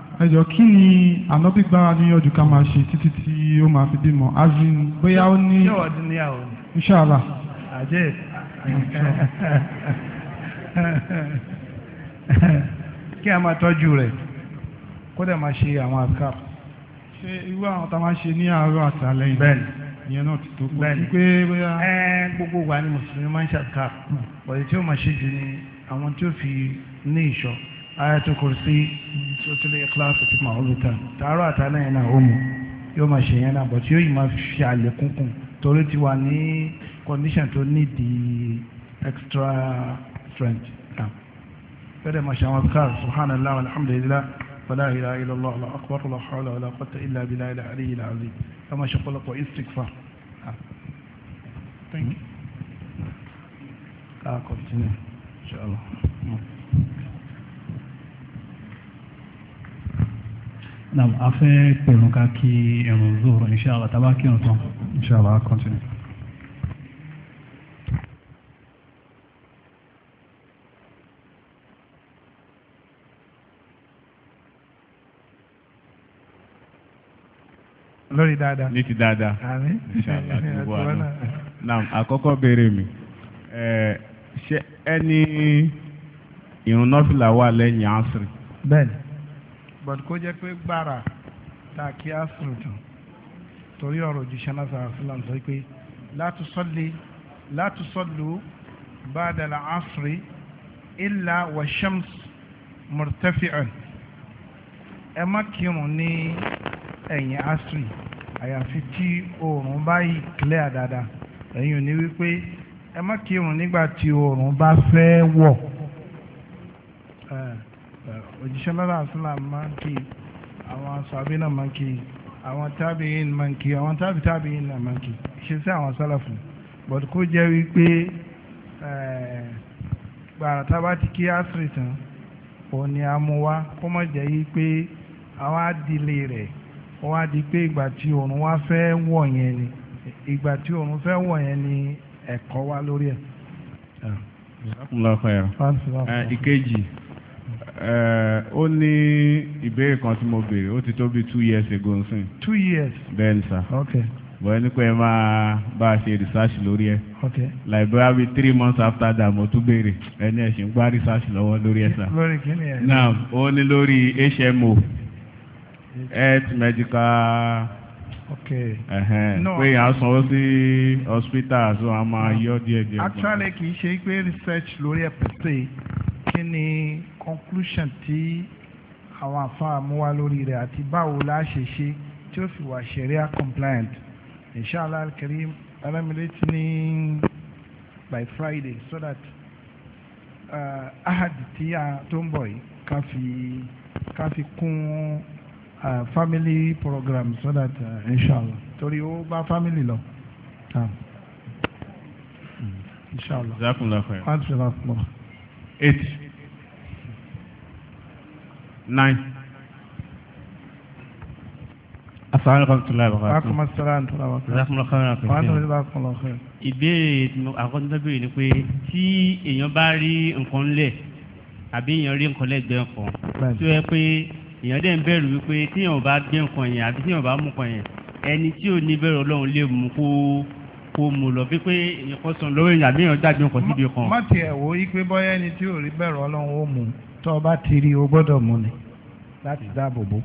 ẹjọ́ kí ni ànábì gbára níyànjú ká máa ṣe títí tí ó máa fi bímọ azin bóyá ó ní inṣàlá. àjẹ́ kí a máa tọ́jú rẹ̀ kó dẹ̀ máa ṣe àwọn àká. ṣé irú àwọn tá a máa ṣe ní àárọ̀ àtàlẹ́yìn bẹ́ẹ̀ ni ìyẹn náà ti tó kó sí pé bóyá. gbogbo wa ni mùsùlùmí máa ń ṣàkà hmm. ọ̀rẹ́ tí ó máa ṣe jù ni àwọn tí ó fi ní ìṣọ́ ayatul kursi suratul ikhlas àti màálùtà tààrọ̀ àtàlà yẹn náà ó mú yóò máa ṣe yẹn náà but tí yóò yìí máa ṣe àlékún kùn torí ti wà ní condition tó ní di extra strength náà fẹ́rẹ̀ máa ṣe àwọn káàr subhanallah alhamdulillah wàlá ilaha illallah wàlá akbar wàlá hawla wàlá quwwata illa billahi ilà àríyìn ilà àríyìn ká máa ṣe pọ̀lọpọ̀ istighfar. Ah. Thank you. I'll continue. Inshallah. Naam, a fẹ́ pẹ̀lú ká kí ẹ̀rùn zòrò inṣàlá tàbá kí ọ̀n tán. Inṣàlá, continue. lórí dáadáa. ní ti dáadáa. àmín. inṣàlá gbogbo àná. Naam, àkọ́kọ́ béèrè mi ṣé ẹni ìrun nọ́fìlà wà lẹ́yìn àṣírí. bẹ́ẹ̀ni but kó jẹ́ pé gbàrà tá a kí á sùn tán torí ọ̀rọ̀ òjíṣẹ́ náà sàrà sílám sọ pé látúsọ́lé látúsọ́lù bàdàlà àṣírí ìlà wàṣẹ́ms mọ̀tẹ́fìàn ẹ má kírun ní ẹ̀yìn àṣírí àyàfi tí oòrùn bá yí clear dáadáa ẹ̀yìn ò wípé ẹ má kírun nígbà tí oòrùn bá fẹ́ wọ̀. Uh, òjíṣẹ́ lára àṣìlá máa ń kí àwọn sàbí náà máa ń kí àwọn tábìyìn máa ń kí àwọn tábì tábìyìn náà máa ń kí ṣe sí àwọn sálàfù bọ̀dù kó jẹ́ wípé eh, gbàrà tá a bá ti kí àṣírí tán òun ni a mú wá kó má jẹ́ wípé àwọn àdìlé rẹ̀ wọ́n á di pé ìgbà tí òun wá fẹ́ wọ̀ yẹn ni ìgbà tí òun fẹ́ wọ̀ yẹn ni ẹ̀kọ́ wá lórí ẹ̀. Ah, eh, ìkejì. Eh, ó ní ìbéèrè kan tí mo béèrè ó ti tó bí two years ago n sìn. two years. bẹ́ẹ̀ni sá. ok. bọ̀ ẹni pé ẹ máa bá a ṣe research lórí ẹ. ok. like three months after that mo tún béèrè ẹni ẹ ṣì research lọ́wọ́ lórí ẹ sá. lórí kíni ẹ. now ó ní lórí HMO health medical. Okay. Uh huh. no pé à ń sanwó sí hospital so a máa yọ dear. díẹ̀. actually kì í ṣe research lórí per se kí ni conclusion tí àwọn àfáà mú wá lórí rẹ̀ àti báwo la ṣe ṣe tí ó fi wà sharia compliant inshallah al-karim alámìlétí ní by friday so that uh, ahad tí a tó ń bọ̀ yìí ká fi kún uh, family program so that uh, inshallah torí ó bá family lọ. Ah. Mm. Inshallah. Jazakumullah khair nine. asalaamualeykum tula wa rahmatulah. akuma salaam tula wa rahmatulah. rahmatulah kọ́ra kò sí. wàá tọ́jú bá ìbéèrè àkọ́ńtàbéèrè ni pé tí èèyàn bá rí nǹkan lẹ̀ àbí èèyàn rí nǹkan lẹ́gbẹ̀ẹ́ nǹkan tó yẹ pé èèyàn dẹ̀ ń bẹ̀rù wípé tíyàn bá gbé nǹkan yẹn àbí tíyàn bá mú nǹkan yẹn ẹni tí ò ní bẹ̀rù ọlọ́run lè mú kó kó mú lọ bí pé nǹkan sàn lọ́wọ́ èèyàn àbí èèyàn jáde nǹkan síbi kan. má tiẹ̀ wo ipe bọ́yá ẹni tí ò rí bẹ̀rù ọlọ́run ó mú tó bá ti rí o gbọ́dọ̀ mú ni láti dáàbò bò.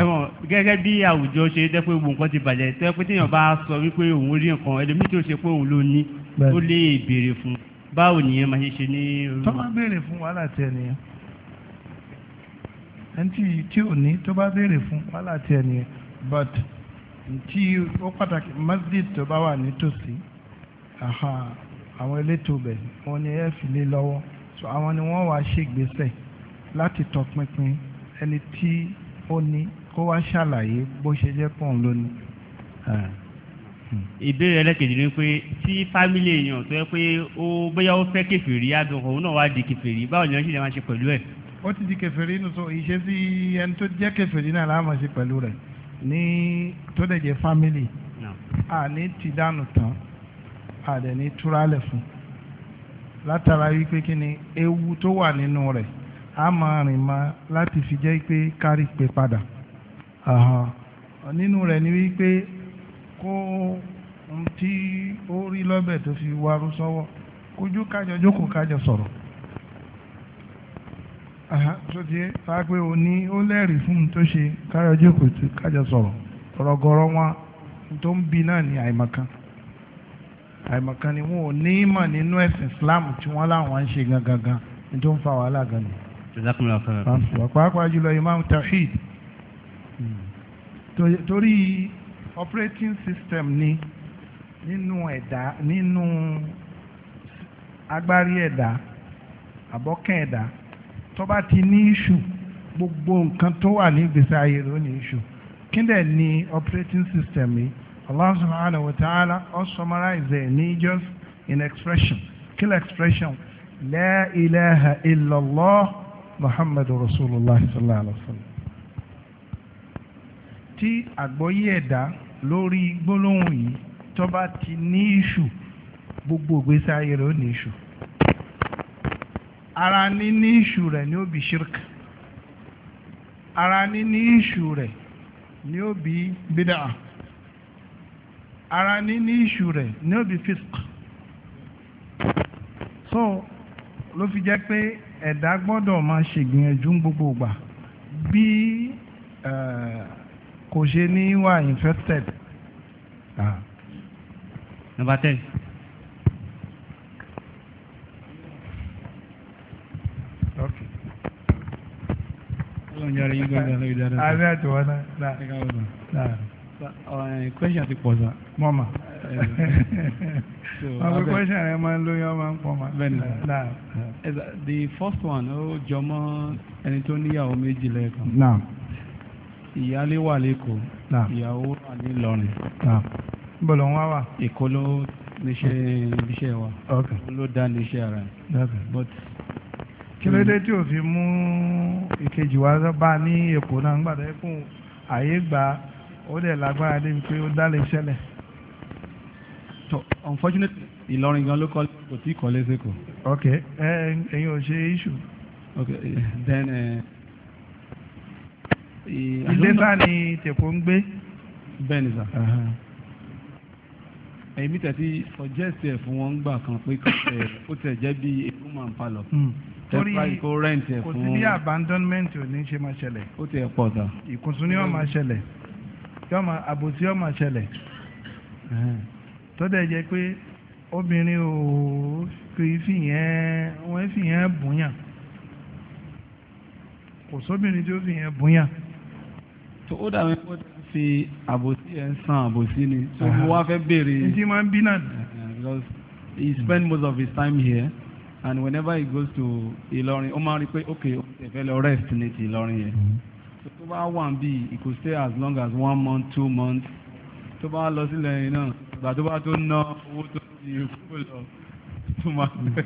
ẹ̀wọ̀n gẹ́gẹ́ bí àwùjọ ṣe jẹ́ pé gbogbo nǹkan ti bàjẹ́ tẹ́ pé téèyàn bá sọ wípé òun rí nǹkan ẹlòmíì tí ó ṣe pé òun ló ní ó lè béèrè fún báwo nìyẹn máa ṣe ṣe ní. tó bá béèrè fún wàhálà tiẹ̀ nìyẹn ẹni tí ò ní tó bá béèrè fún wàhálà tiẹ̀ nìyẹn but tí ó pàtàkì masjid tó bá wà nítòsí àwọn elétò bẹ̀ wọ́n ní ẹ fi lé lọ́wọ́ so àwọn ni wọ́n wá ṣègbésẹ̀ láti tọpinpin ẹni tí ó ní kó wá ṣàlàyé bó ṣe jẹ́ pọ̀ ń lónìí. ìbéèrè ẹlẹ́kejì ni pé tí fámìlì èèyàn tó yẹ pé ó bóyá ó fẹ́ kẹfìrí àdùn òun náà wá di kẹfìrí báwo ni wọ́n ṣì lè máa ṣe pẹ̀lú ẹ̀. ó ti di kẹfìrí nù so ìṣesí ẹni tó jẹ́ kẹfìrí náà la máa pẹ̀lú rẹ̀ ní tó dẹ̀ jẹ́ fámìlì àní ti tán àdẹ̀ ní túrálẹ̀ fún un. látara wípé kí ni ewu tó wà nínú rẹ̀ a máa rìn ma láti fi jẹ́ pé kárí pé padà nínú rẹ̀ ni wípé kó tí ó rí lọ́bẹ̀ tó fi warú sọ́wọ́ kójú kájọ jókòó kájọ sọ̀rọ̀ tó ti fa pé o ní ó lẹ́rìí fún un tó ṣe kájọ jókòó kájọ sọ̀rọ̀ ọ̀rọ̀ gọ̀ọ̀rọ̀ wọn tó ń bi náà ní àìmọ̀kan. àìmọ̀kan ni wọn ò ní ìmọ̀ nínú ẹ̀sìn Islam tí wọ́n láwọn ń ṣe gangan gan ní tó ń fa wàhálà gan ni. pàápàá jùlọ imam tawhid torí operating system ni nínú ẹ̀dá nínú agbárí ẹ̀dá àbọ̀kẹ́ ẹ̀dá tó bá ti ní iṣu gbogbo nǹkan tó wà ní ìgbésí ayé ló ní iṣu kí ni operating system yìí Allah subhanahu wa ta'ala all summarized their needs in expression. Kill expression. La ilaha illallah Muhammadur Rasulullah sallallahu alaihi wasallam. Tí àgbọ́yé ẹ̀dá lórí gbólóhùn yìí tó bá ti ní ìṣù gbogbo ìgbésí ayé rẹ̀ ó ní ìṣù. Ara ní ní ìṣù rẹ̀ ní ó bí ṣírk. Ara ní ní ìṣù rẹ̀ ní ó bí bídà ara ní ní ìṣù rẹ̀ ní òbí fisk so ló fi jẹ́ pé ẹ̀dá gbọ́dọ̀ máa ṣègbìyànjú gbogbo ìgbà bí kò ṣe ní wà infected. Ah. Number ten. Okay. Àbí àtiwọ́n náà. Náà. Uh, question ti pọ̀ sa. mọ́mà àwọn question rẹ̀ máa ń lóyún ọmọ ń pọ̀ mà. bẹ́ẹ̀ni the first one ó jọ mọ́ ẹni tó níyàwó méjì lẹ́ẹ̀kan. ìyáálé wà lẹ́kọ̀ọ́ ìyàwó wà ní Ìlọrin. bọ̀lọ̀ ń wá wà. Èkó ló níṣẹ́ iṣẹ́ wa. ló dá níṣẹ́ ara rẹ̀. kí ló dé tí o fi mú ìkejì wa bá ní Èkó náà ń gbàdá ẹkùn àyè gba ó dẹ̀ lágbára débi pé ó dá lè tó unfortunately Ìlọrin gan ló kọ́ kò tí ì kọ́ kù. ok ẹyin ò ṣe issue. ok then. Eh, eh, ilé sá ni tèkó ń gbé. bẹ́ẹ̀ sà. èmi tẹ̀sí suggest ẹ̀ fún wọn gbà kan pé eh, ó tẹ̀ jẹ́ bí èkó máa ń palọ̀ hmm. torí kò sí bí abandonment ò ní ṣe máa ṣẹlẹ̀. ó ti pọ̀ tán. ìkùnsùn ni wọ́n máa ṣẹlẹ̀ yọmọ àbòsí ọmọ ṣẹlẹ̀ tó dẹ̀ jẹ́ pé obìnrin ò kì í fìyẹn wọ́n fìyẹn bùnyàn kò sóbìnrin tí ó fìyẹn bùnyàn. tó ó dàbí kó tẹ̀ fi àbòsí ẹ̀ san àbòsí ni tó mo wá fẹ́ béèrè. ní máa ń bí náà. because he spend most of his time here and whenever he goes to Ìlọrin ó máa rí pé ok ó ti fẹ́ lọ rest ní ti Ìlọrin yẹn. Mm -hmm tó bá wà ń bí it could stay as long as one month two months tó bá lọ sílẹ̀ yìí náà ìgbà tó bá tó ná owó tó ti kúrò lọ tó máa bẹ̀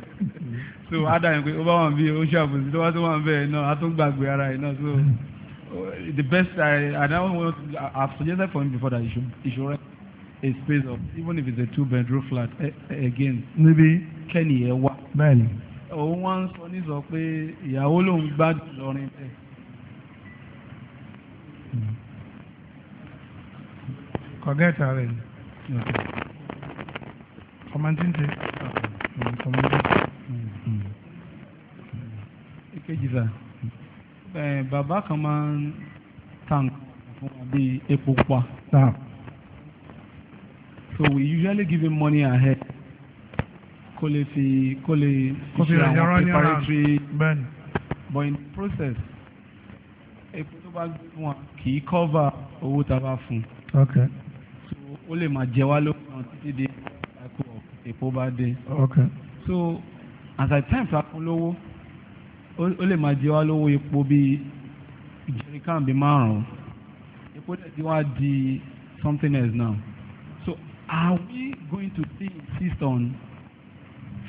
so ádàyìn pé ó bá wà ń bí ó ṣàbùsí tó bá tó wà ń náà á tún gbàgbé ara yìí náà so the best I I now want to I have suggested for him before that he should he should rent a space of even if it's a two bedroom flat again. Maybe kẹ́ni ẹ̀ wá. bẹ́ẹ̀ni. òun wá ń sọ ní sọ pé ìyàwó lòun gbádùn lọ́rin bẹ́ẹ̀. kọ̀gẹ́tà rẹ̀ ni kọ̀mọ̀tìntì kọ̀mọ̀tìntì. ìkejì sà bàbá kan máa ń tank fún wa bíi epo pupa. Ah. so we usually give him money ahead kó lè fi kó lè ṣe àwọn preparatory but in the process epo tó bá gbé fún kì í cover owó tá a bá fún un ó lè máa jẹ wá lóhùn títí di àpò èpo bá dé. so as I times a fún lówó ó lè máa jẹ wá lówó epo bíi jerrycan bíi márùn-ún epo dẹ̀ ti wá di something else now so are we going to still insist on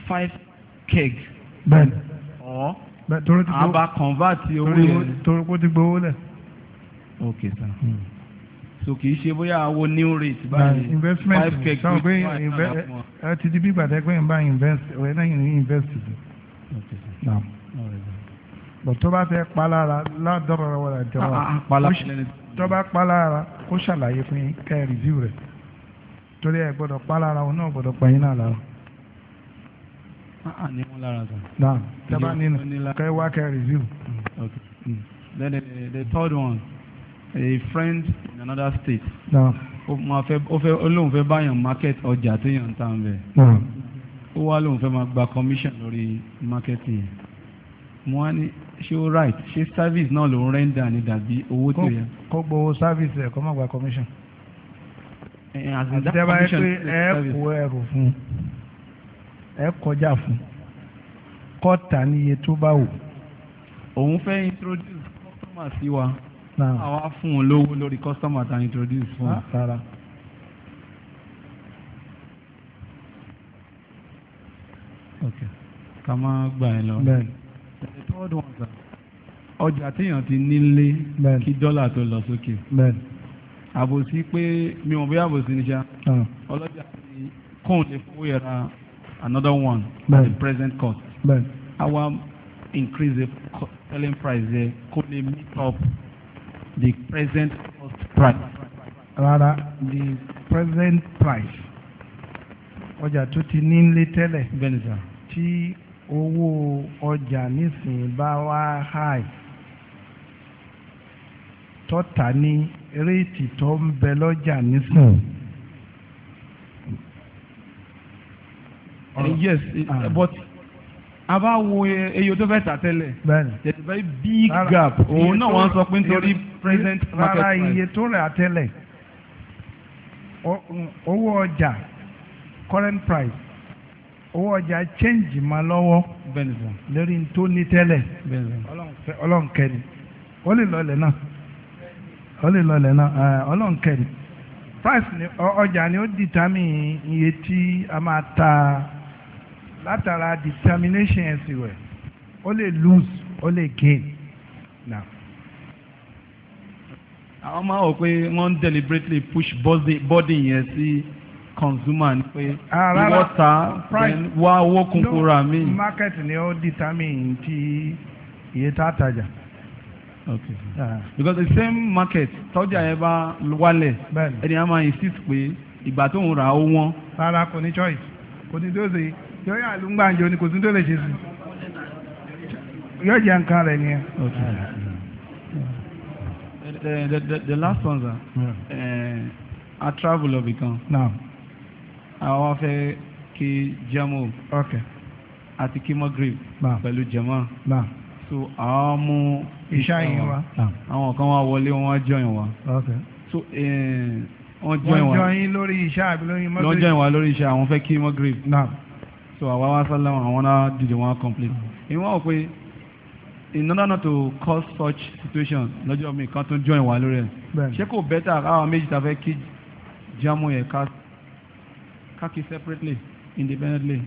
five keg. bẹ́ẹ̀ni or àbá convert owó yẹn. torí kó ti gbowó lẹ̀. okay sir. Hmm so kì í ṣe bóyá àwo new rate báyìí five a tó gbé ẹ ti di bí gbàdé pé n bá invest ọ̀rẹ́ náà yìí invest sí bọ̀ tó bá fẹ́ palára ládọ́rọ̀ wọlé jọ̀wọ́ ah, ah, tó bá palára kó ṣàlàyé fún yín kẹ́ ẹ rìvíw rẹ̀ torí ẹ gbọ́dọ̀ palára òun náà gbọ́dọ̀ pẹ̀yìn náà lára. Ah, ní wọn lára sàn. náà tẹ́ bá nínú kẹ́ wá kẹ́ rìvíw. Mm, mm. the third one a friend in another state ó lóun fẹ́ báyàn market ọjà téèyàn ń tà ń bẹ̀ ó wá lóun fẹ́ máa gba commission lórí market yẹn mo wá ní ṣé ó right ṣé service náà ló ń rẹ́ńdà ní dàbí owó tó yẹ. kó gbowó service ẹ̀ kó má gba commission. Eh, eh, àti dábàá yẹ pé ẹ kó ẹrù fún ẹ kọjá fún kọ́ta níye tó bá wù. òun fẹ́ introduce customer sí wa àwa fún un lówó lórí customer ta introduce fún un. ok ká má gbà ẹ lọ. bẹ́ẹ̀ni. the third one sir ọjà téèyàn ti nílé kí dọ́là tó lọ sókè. bẹ́ẹ̀ni. àbòsí pé mi ò bí àbòsí ní sá. Ah. ọlọ́jà ti kóun lè fowó yẹra another one. bẹ́ẹ̀ni at the present cost. bẹ́ẹ̀ni. Our increase the selling price there kó lè meet up the present cost price. rárá the present price ọjà tó ti ní nílé tẹ́lẹ̀ tí owó ọjà nísìnyí bá wá high tọ́ta ní réètì tó ń bẹ lọ́jà nísìnyí. Uh, yes uh, ah. but a bá wo eye tó fẹ́ tà there is a very big gap. òun náà wọ́n sọ pé nítorí present market price. rárá iye um, ọjà current price owó ọjà change ma lọ́wọ́ lórí tó ní tẹ́lẹ̀ ọlọ́nkẹ́ni ó lè lọlẹ̀ náà ó lè lọlẹ̀ náà ọlọ́nkẹ́ni price ni ọjà ni ó determine iye tí a máa ta látara determination ẹ̀sìn rẹ̀ ó lè lose ó lè gain now. àwọn máa wò pé wọ́n deliberately push body yẹn sí consumer ni pé ìwọ́ ah, ta wá owó kúnkúnra mi. market ni ó determine ti iye tá a tajà. okay uh, because the same market tọ́jà yẹn bá wálẹ̀ ẹni a máa insist pé ìgbà tó ń ra ó wọ́n. rárá kò ní choice kò ní tó ṣe yọ yà ló ń gbàǹjo ni kò sí tó lè ṣe sí yọ jẹ nǹkan rẹ nìyẹn. Ah the, the, the, the last one sir uh, a travel lọ bìkan àwa fẹ́ kí jamo àti kí magrib pẹ̀lú jama so àwọn mú iṣẹ́ yìí wa àwọn kan wá wọlé wọn join wa so eh, wọ́n join wa wọ́n join lórí iṣẹ́ àbí lórí magrib wọ́n join to lórí iṣẹ́ àwọn fẹ́ kí magrib so àwa wá sálámù àwọn náà the wọn complete ìwọ́n ò pé in order not to cause such situation lọ́jọ́ mi kan tó join wà lórí ẹ̀ ṣé kò bẹ́tà káwọn méjì ta fẹ́ kí jámù yẹn ká kí separately independently.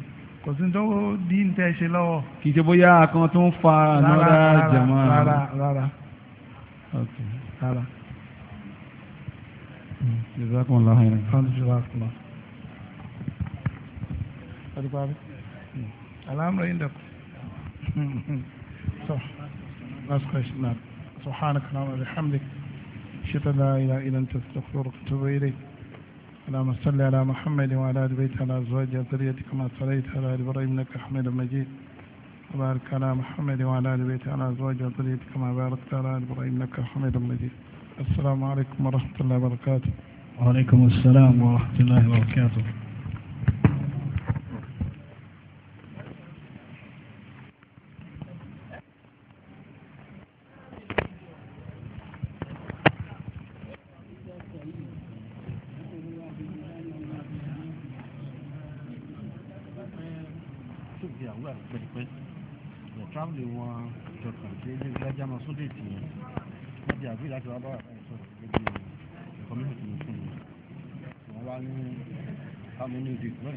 kò sí tó di ń tẹ́ ṣe lọ́wọ́. kì í ṣe bóyá kan tó ń fa another jama. rárá rárá rárá. jazakumullahu khairan. alhamdulilayi. alhamdulilayi. [LAUGHS] alhamdulilayi. صح نعم. سبحانك اللهم وبحمدك أشهد أن لا إله إلا أنت أستغفرك وأتوب إليك اللهم صل على محمد وعلى آل بيته وعلى أزواجه وذريته كما صليت على آل إبراهيم إنك حميد مجيد وبارك على محمد وعلى آل بيته وعلى أزواجه وذريته كما باركت على آل إبراهيم إنك حميد مجيد السلام عليكم ورحمة الله وبركاته وعليكم السلام ورحمة الله وبركاته family wọn jọkàn tí ilé ìgbàjá máa sódè tì yẹn wọ́n ti àgbé láti wá bá àfẹ́ sọ̀rọ̀ lórí ẹ̀kọ́ mímọ̀ tó ń fún mi wọ́n wá ní family ní